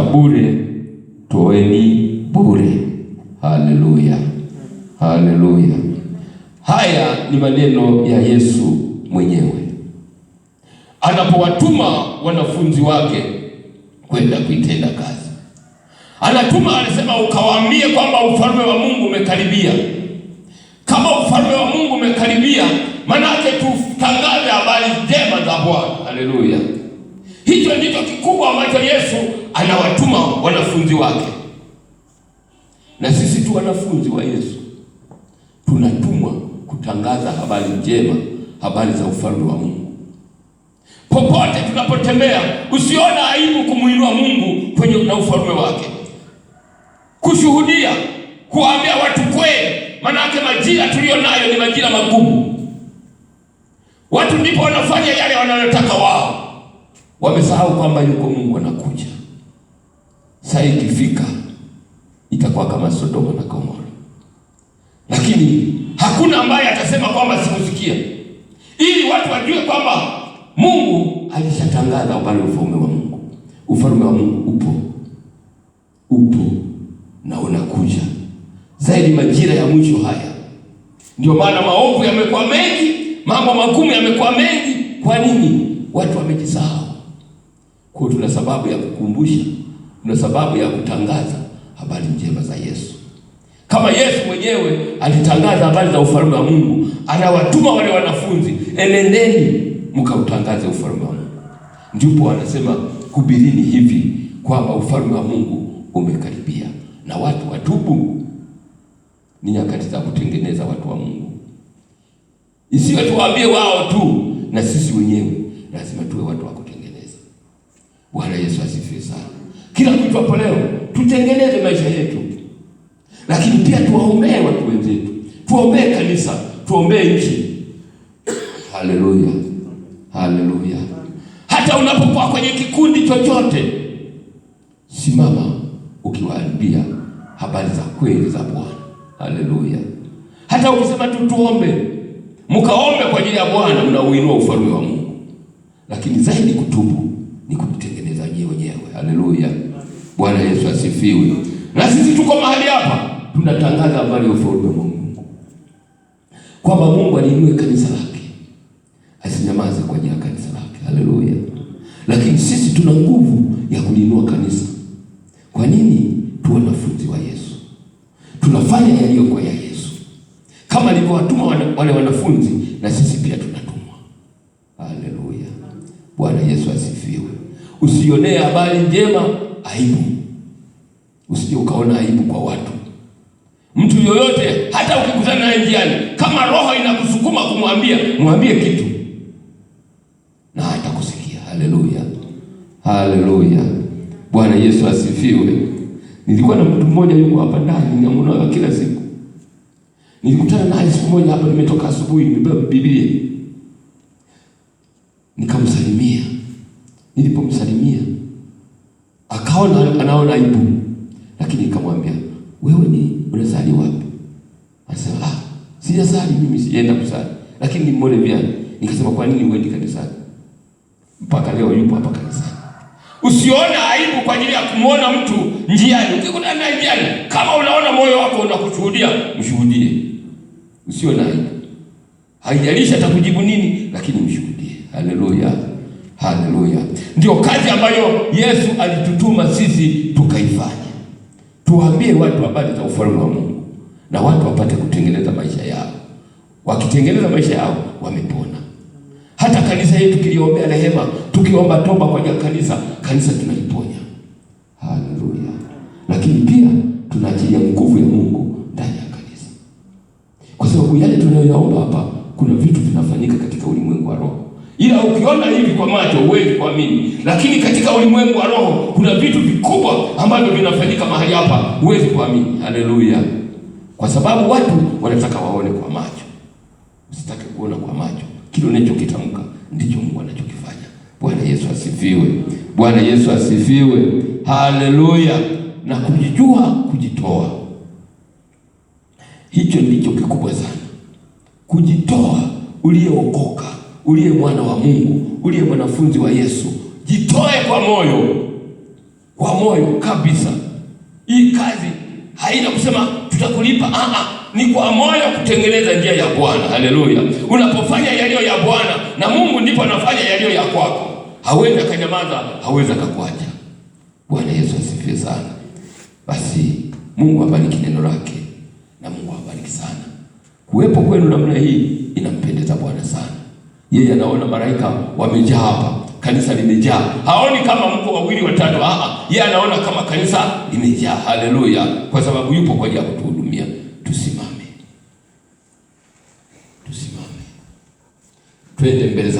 cha bure, toeni bure. Haleluya, haleluya. Haya ni maneno ya Yesu mwenyewe anapowatuma wanafunzi wake kwenda kuitenda kazi. Anatuma, anasema ukawaambie kwamba ufalme wa Mungu umekaribia. Kama ufalme wa Mungu umekaribia, manake tutangaze habari njema za Bwana. Haleluya. Hicho ndicho kikubwa ambacho Yesu anawatuma wanafunzi wake, na sisi tu wanafunzi wa Yesu tunatumwa kutangaza habari njema, habari za ufalme wa Mungu. Popote tunapotembea, usiona aibu kumuinua Mungu kwenye na ufalme wake, kushuhudia, kuwaambia watu kweli, manake majira tuliyo nayo ni majira magumu. Watu ndipo wanafanya yale wanayotaka wao Wamesahau kwamba yuko Mungu anakuja. Saa ikifika itakuwa kama Sodoma na Gomora, lakini hakuna ambaye atasema kwamba sikusikia, ili watu wajue kwamba Mungu alishatangaza upande ufalme wa Mungu. Ufalme wa Mungu upo, upo na unakuja zaidi majira ya mwisho haya. Ndio maana maovu yamekuwa mengi, mambo magumu yamekuwa mengi. Kwa nini? Watu wamejisahau kwa tuna sababu ya kukumbusha, tuna sababu ya kutangaza habari njema za Yesu. Kama Yesu mwenyewe alitangaza habari za ufalme wa Mungu, anawatuma wale wanafunzi, enendeni mkautangaze ufalme wa Mungu. Ndipo anasema kubirini hivi kwamba ufalme wa Mungu umekaribia na watu watubu. Ni nyakati za kutengeneza watu wa Mungu, isiwe tuwaambie wao tu, na sisi wenyewe lazima tuwe watu Bwana Yesu asifiwe sana. Kila hapo leo tutengeneze maisha yetu, lakini pia tuwaombee watu wenzetu, tuombee kanisa, tuombee nchi. Haleluya, haleluya. Hata unapokuwa kwenye kikundi chochote, simama ukiwaambia habari za kweli za Bwana. Haleluya. Hata ukisema tu tuombe, mkaombe kwa ajili ya Bwana, mnauinua ufalme wa Mungu, lakini zaidi kutubu Haleluya, Bwana Yesu asifiwe. Na sisi tuko mahali hapa tunatangaza habari ya ufalme wa Mungu, kwamba Mungu aliinue kanisa lake, asinyamaze kwa ajili ya kanisa lake. Haleluya, lakini sisi tuna nguvu ya kuliinua kanisa. Kwa nini? Tu wanafunzi wa Yesu, tunafanya kwa ya Yesu kama alivyowatuma wale wanafunzi, na sisi pia tuna habari njema aibu. Usije ukaona aibu kwa watu. Mtu yoyote, hata ukikutana naye njiani, kama roho inakusukuma kumwambia, mwambie kitu na atakusikia. Haleluya, haleluya, Bwana Yesu asifiwe. Nilikuwa na mtu mmoja yuko hapa ndani, namuona kila siku. Nilikutana naye siku moja hapa, nimetoka asubuhi, nimebeba Biblia nikamsalimia. Nilipomsalimia akaona anaona aibu, lakini nikamwambia wewe ni unazali wapi? Anasema ah, sijasali mimi, sienda kusali, lakini nimeona vyani, nikasema kwa nini uende kanisani? Mpaka leo yupo hapa kanisani. Usiona aibu kwa ajili ya kumwona mtu njiani. Ukikutana naye njiani, kama unaona moyo wako unakushuhudia, mshuhudie, usiona aibu. Haijalishi atakujibu nini, lakini mshuhudie. Haleluya. Haleluya! Ndio kazi ambayo Yesu alitutuma sisi tukaifanya, tuwaambie watu habari za ufalme wa Mungu na watu wapate kutengeneza maisha yao. Wakitengeneza maisha yao wamepona. Hata kanisa yetu kiliombea rehema, tukiomba toba kwa kanisa, kanisa tunaliponya. Haleluya! Lakini pia tunaachilia nguvu ila ukiona hivi kwa macho huwezi kuamini, lakini katika ulimwengu wa roho kuna vitu vikubwa ambavyo vinafanyika mahali hapa, huwezi kuamini. Haleluya! Kwa sababu watu wanataka waone kwa macho. Usitake kuona kwa macho, kile unachokitamka ndicho Mungu anachokifanya. Bwana Yesu asifiwe! Bwana Yesu asifiwe! Haleluya! na kujijua, kujitoa, hicho ndicho kikubwa sana, kujitoa uliyeokoka uliye mwana wa Mungu, uliye mwanafunzi wa Yesu, jitoe kwa moyo, kwa moyo kabisa. Hii kazi haina kusema tutakulipa, ah, ah, ni kwa moyo kutengeneza njia ya Bwana. Haleluya! Unapofanya yaliyo ya Bwana na Mungu, ndipo anafanya yaliyo ya kwako. Hawezi akanyamaza, hawezi akakuacha. Bwana Yesu asifiwe sana. Basi Mungu abariki neno lake na Mungu abariki sana. Kuwepo kwenu namna hii inampendeza Bwana sana. Yeye anaona malaika wamejaa hapa, kanisa limejaa. Haoni kama mko wawili watatu, yeye anaona kama kanisa limejaa. Haleluya! Kwa sababu yupo kwa ajili ya kutuhudumia. Tusimame, tusimame, twende mbele za